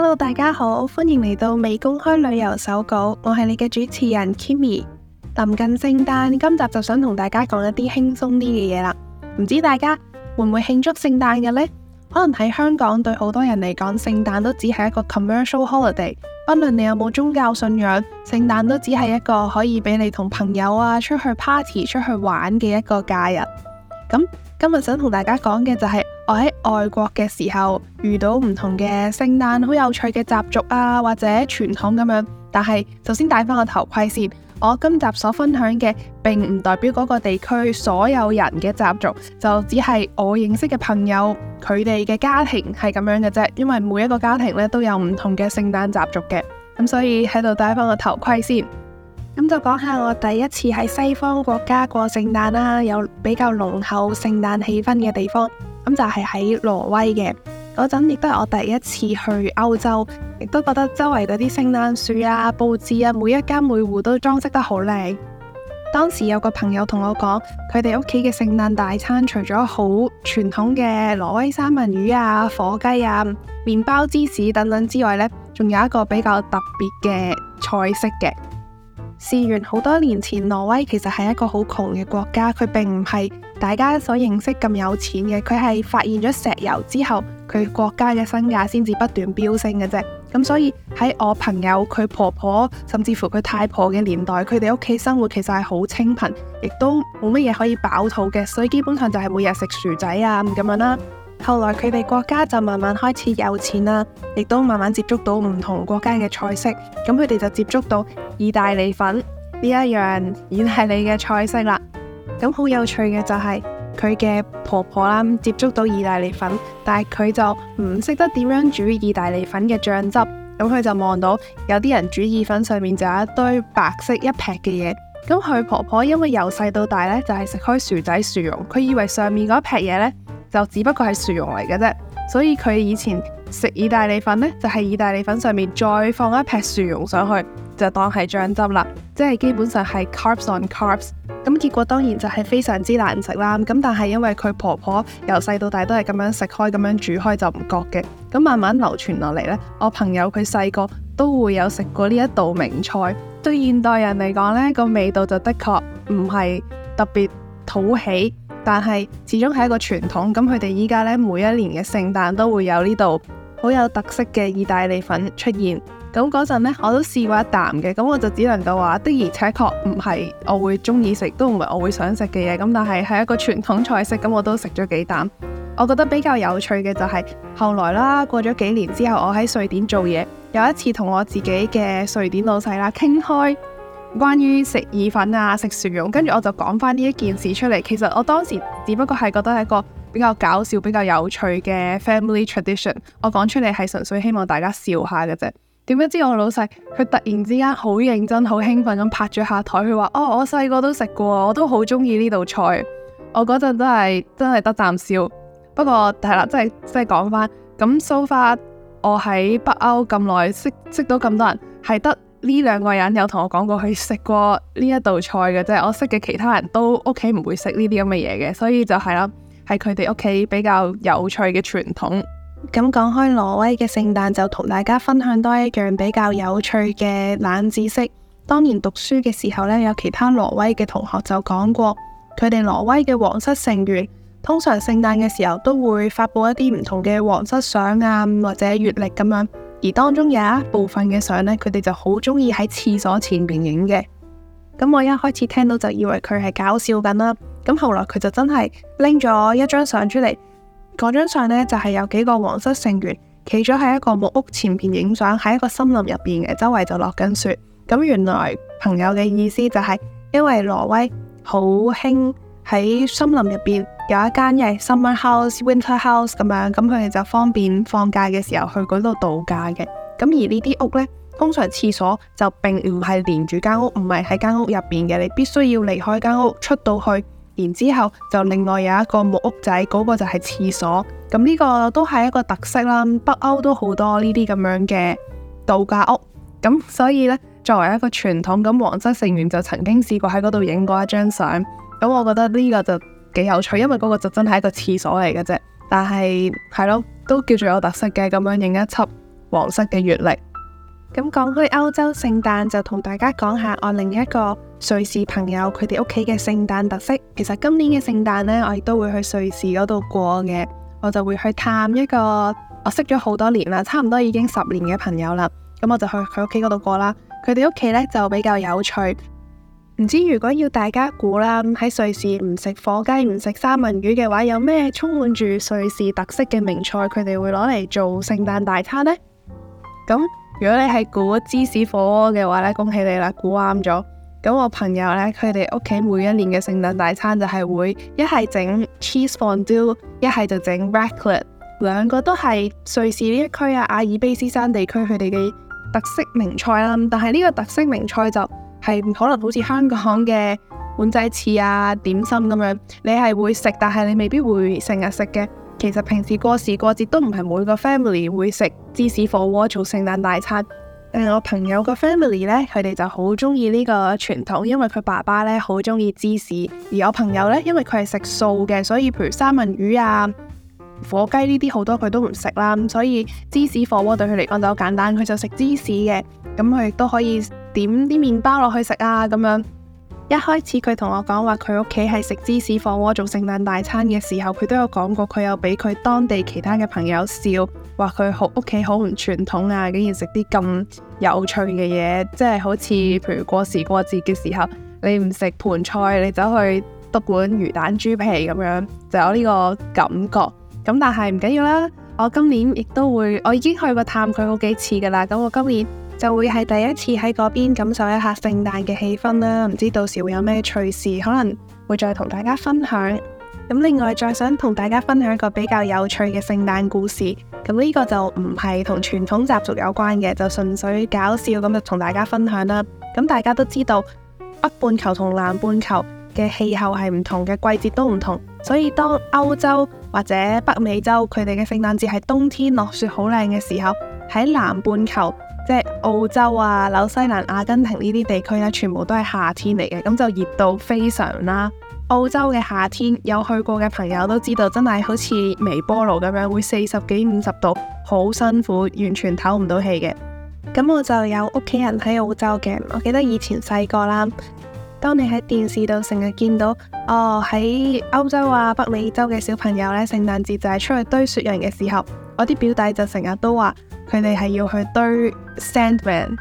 Hello，大家好，歡迎嚟到未公開旅遊手稿，我係你嘅主持人 Kimmy。臨近聖誕，今集就想同大家講一啲輕鬆啲嘅嘢啦。唔知大家會唔會慶祝聖誕嘅呢？可能喺香港對好多人嚟講，聖誕都只係一個 commercial holiday。不論你有冇宗教信仰，聖誕都只係一個可以俾你同朋友啊出去 party、出去玩嘅一個假日。咁今日想同大家講嘅就係、是。我喺外國嘅時候遇到唔同嘅聖誕好有趣嘅習俗啊，或者傳統咁樣。但係首先戴翻個頭盔先。我今集所分享嘅，並唔代表嗰個地區所有人嘅習俗，就只係我認識嘅朋友佢哋嘅家庭係咁樣嘅啫。因為每一個家庭咧都有唔同嘅聖誕習俗嘅，咁所以喺度戴翻個頭盔先。咁就講下我第一次喺西方國家過聖誕啦，有比較濃厚聖誕氣氛嘅地方。咁就係喺挪威嘅嗰陣，亦都係我第一次去歐洲，亦都覺得周圍嗰啲聖誕樹啊、布置啊，每一間每戶都裝飾得好靚。當時有個朋友同我講，佢哋屋企嘅聖誕大餐，除咗好傳統嘅挪威三文魚啊、火雞啊、麵包、芝士等等之外，呢仲有一個比較特別嘅菜式嘅。事源好多年前，挪威其實係一個好窮嘅國家，佢並唔係。大家所認識咁有錢嘅，佢係發現咗石油之後，佢國家嘅身價先至不斷飆升嘅啫。咁所以喺我朋友佢婆婆甚至乎佢太婆嘅年代，佢哋屋企生活其實係好清貧，亦都冇乜嘢可以飽肚嘅，所以基本上就係每日食薯仔啊咁樣啦。後來佢哋國家就慢慢開始有錢啦，亦都慢慢接觸到唔同國家嘅菜式。咁佢哋就接觸到意大利粉呢一樣意大利嘅菜式啦。咁好有趣嘅就係佢嘅婆婆啦，接觸到意大利粉，但係佢就唔識得點樣煮意大利粉嘅醬汁。咁佢就望到有啲人煮意粉上面就有一堆白色一劈嘅嘢。咁佢婆婆因為由細到大呢，就係食開薯仔薯蓉，佢以為上面嗰一劈嘢呢，就只不過係薯蓉嚟嘅啫。所以佢以前食意大利粉呢，就係意大利粉上面再放一劈薯蓉上去，就當係醬汁啦。即係基本上係 carbs on carbs，咁結果當然就係非常之難食啦。咁但係因為佢婆婆由細到大都係咁樣食開，咁樣煮開就唔覺嘅。咁慢慢流傳落嚟呢，我朋友佢細個都會有食過呢一道名菜。對現代人嚟講呢，個味道就的確唔係特別討喜，但係始終係一個傳統。咁佢哋依家呢，每一年嘅聖誕都會有呢道好有特色嘅意大利粉出現。咁嗰陣呢，我都試過一啖嘅，咁我就只能夠話的而且確唔係我會中意食，都唔係我會想食嘅嘢。咁但係係一個傳統菜式，咁我都食咗幾啖。我覺得比較有趣嘅就係、是、後來啦，過咗幾年之後，我喺瑞典做嘢，有一次同我自己嘅瑞典老細啦傾開關於食意粉啊，食薯蓉。跟住我就講翻呢一件事出嚟。其實我當時只不過係覺得係一個比較搞笑、比較有趣嘅 family tradition。我講出嚟係純粹希望大家笑下嘅啫。點不知我老細，佢突然之間好認真、好興奮咁拍住下台，佢話：哦、oh，我細個都食過，我都好中意呢道菜。我嗰陣都係真係得啖笑。不過係啦，即係即係講翻咁，so far 我喺北歐咁耐，識識到咁多人，係得呢兩個人有同我講過佢食過呢一道菜嘅即啫。我識嘅其他人都屋企唔會食呢啲咁嘅嘢嘅，所以就係、是、啦，係佢哋屋企比較有趣嘅傳統。咁講開挪威嘅聖誕，就同大家分享多一樣比較有趣嘅冷知識。當年讀書嘅時候呢，有其他挪威嘅同學就講過，佢哋挪威嘅皇室成員通常聖誕嘅時候都會發布一啲唔同嘅皇室相啊，或者月曆咁樣。而當中有一部分嘅相呢，佢哋就好中意喺廁所前面影嘅。咁我一開始聽到就以為佢係搞笑緊啦，咁後來佢就真係拎咗一張相出嚟。嗰張相呢，就係有幾個皇室成員企咗喺一個木屋前邊影相，喺一個森林入邊嘅，周圍就落緊雪。咁原來朋友嘅意思就係，因為挪威好興喺森林入邊有一間嘅 summer house、winter house 咁樣，咁佢哋就方便放假嘅時候去嗰度度假嘅。咁而呢啲屋呢，通常廁所就並唔係連住間屋，唔係喺間屋入邊嘅，你必須要離開間屋出到去。然之後就另外有一個木屋仔，嗰個就係廁所，咁呢個都係一個特色啦。北歐都好多呢啲咁樣嘅度假屋，咁所以呢，作為一個傳統，咁皇室成員就曾經試過喺嗰度影過一張相，咁我覺得呢個就幾有趣，因為嗰個就真係一個廁所嚟嘅啫，但係係咯，都叫做有特色嘅咁樣影一輯皇室嘅月曆。咁講開歐洲聖誕，就同大家講下我另一個瑞士朋友佢哋屋企嘅聖誕特色。其實今年嘅聖誕呢，我亦都會去瑞士嗰度過嘅，我就會去探一個我識咗好多年啦，差唔多已經十年嘅朋友啦。咁我就去佢屋企嗰度過啦。佢哋屋企呢就比較有趣。唔知如果要大家估啦，喺瑞士唔食火雞、唔食三文魚嘅話，有咩充滿住瑞士特色嘅名菜，佢哋會攞嚟做聖誕大餐呢？咁？如果你係估芝士火鍋嘅話咧，恭喜你啦，估啱咗！咁我朋友呢，佢哋屋企每一年嘅聖誕大餐就係會一係整 cheese fondue，一係就整 raclette，兩個都係瑞士呢一區啊，阿爾卑斯山地區佢哋嘅特色名菜啦。但係呢個特色名菜就係、是、可能好似香港嘅碗仔翅啊、點心咁樣，你係會食，但係你未必會成日食嘅。其實平時過時過節都唔係每個 family 會食芝士火鍋做聖誕大餐，但、嗯、我朋友個 family 呢，佢哋就好中意呢個傳統，因為佢爸爸呢好中意芝士，而我朋友呢，因為佢係食素嘅，所以譬如三文魚啊、火雞呢啲好多佢都唔食啦，所以芝士火鍋對佢嚟講就好簡單，佢就食芝士嘅，咁佢亦都可以點啲麵包落去食啊咁樣。一開始佢同我講話佢屋企係食芝士火鍋做聖誕大餐嘅時候，佢都有講過佢有俾佢當地其他嘅朋友笑，話佢好屋企好唔傳統啊，竟然食啲咁有趣嘅嘢，即係好似譬如過時過節嘅時候，你唔食盤菜，你走去督碗魚蛋豬皮咁樣，就有呢個感覺。咁但係唔緊要啦，我今年亦都會，我已經去過探佢好幾次噶啦。咁我今年。就會係第一次喺嗰邊感受一下聖誕嘅氣氛啦。唔知到時會有咩趣事，可能會再同大家分享。咁另外，再想同大家分享一個比較有趣嘅聖誕故事。咁呢個就唔係同傳統習俗有關嘅，就純粹搞笑咁就同大家分享啦。咁大家都知道，北半球同南半球嘅氣候係唔同嘅，季節都唔同，所以當歐洲或者北美洲佢哋嘅聖誕節係冬天落雪好靚嘅時候，喺南半球。即係澳洲啊、紐西蘭、阿根廷呢啲地區呢，全部都係夏天嚟嘅，咁就熱到非常啦。澳洲嘅夏天，有去過嘅朋友都知道，真係好似微波爐咁樣，會四十幾五十度，好辛苦，完全唞唔到氣嘅。咁我就有屋企人喺澳洲嘅，我記得以前細個啦，當你喺電視度成日見到，哦喺歐洲啊、北美洲嘅小朋友呢，聖誕節就係出去堆雪人嘅時候。我啲表弟就成日都話，佢哋係要去堆 sandman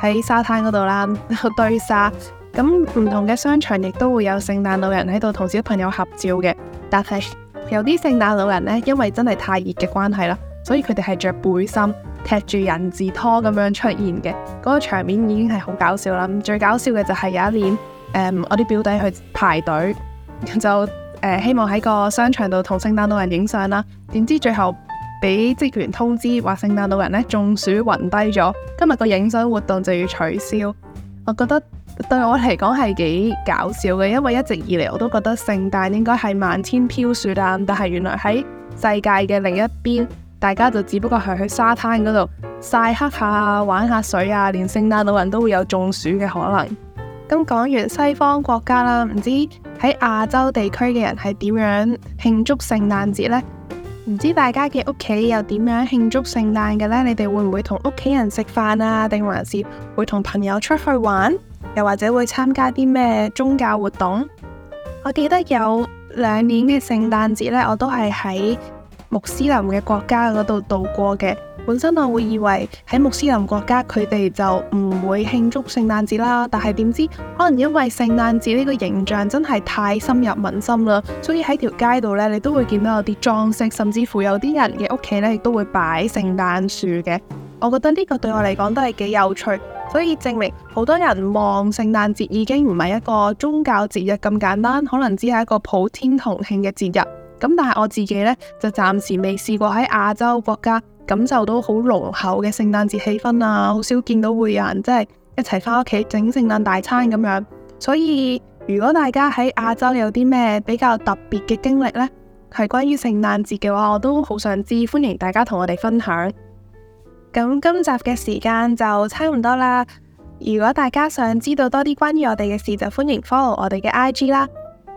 喺沙灘嗰度啦，去堆沙。咁唔同嘅商場亦都會有聖誕老人喺度同小朋友合照嘅。但係有啲聖誕老人呢，因為真係太熱嘅關係啦，所以佢哋係着背心、踢住人字拖咁樣出現嘅。嗰個場面已經係好搞笑啦。最搞笑嘅就係有一年，嗯、我啲表弟去排隊，就、嗯、希望喺個商場度同聖誕老人影相啦。點知最後～俾職員通知話，聖誕老人呢，中暑暈低咗，今日個影相活動就要取消。我覺得對我嚟講係幾搞笑嘅，因為一直以嚟我都覺得聖誕應該係漫天飄雪啊，但係原來喺世界嘅另一邊，大家就只不過係去沙灘嗰度曬黑下、玩下水啊，連聖誕老人都會有中暑嘅可能。咁講完西方國家啦，唔知喺亞洲地區嘅人係點樣慶祝聖誕節呢？唔知大家嘅屋企又點樣慶祝聖誕嘅呢？你哋會唔會同屋企人食飯啊？定還是會同朋友出去玩？又或者會參加啲咩宗教活動？我記得有兩年嘅聖誕節呢，我都係喺穆斯林嘅國家嗰度度過嘅。本身我會以為喺穆斯林國家佢哋就唔會慶祝聖誕節啦，但係點知可能因為聖誕節呢個形象真係太深入民心啦，所以喺條街度呢，你都會見到有啲裝飾，甚至乎有啲人嘅屋企呢，亦都會擺聖誕樹嘅。我覺得呢個對我嚟講都係幾有趣，所以證明好多人望聖誕節已經唔係一個宗教節日咁簡單，可能只係一個普天同慶嘅節日。咁但係我自己呢，就暫時未試過喺亞洲國家。感受到好濃厚嘅聖誕節氣氛啊！好少見到會有人即係一齊翻屋企整聖誕大餐咁樣，所以如果大家喺亞洲有啲咩比較特別嘅經歷呢，係關於聖誕節嘅話，我都好想知，歡迎大家同我哋分享。咁今集嘅時間就差唔多啦。如果大家想知道多啲關於我哋嘅事，就歡迎 follow 我哋嘅 IG 啦。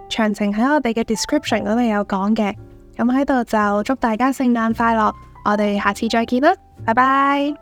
詳情喺我哋嘅 description 嗰度有講嘅。咁喺度就祝大家聖誕快樂。我哋下次再見啦，拜拜。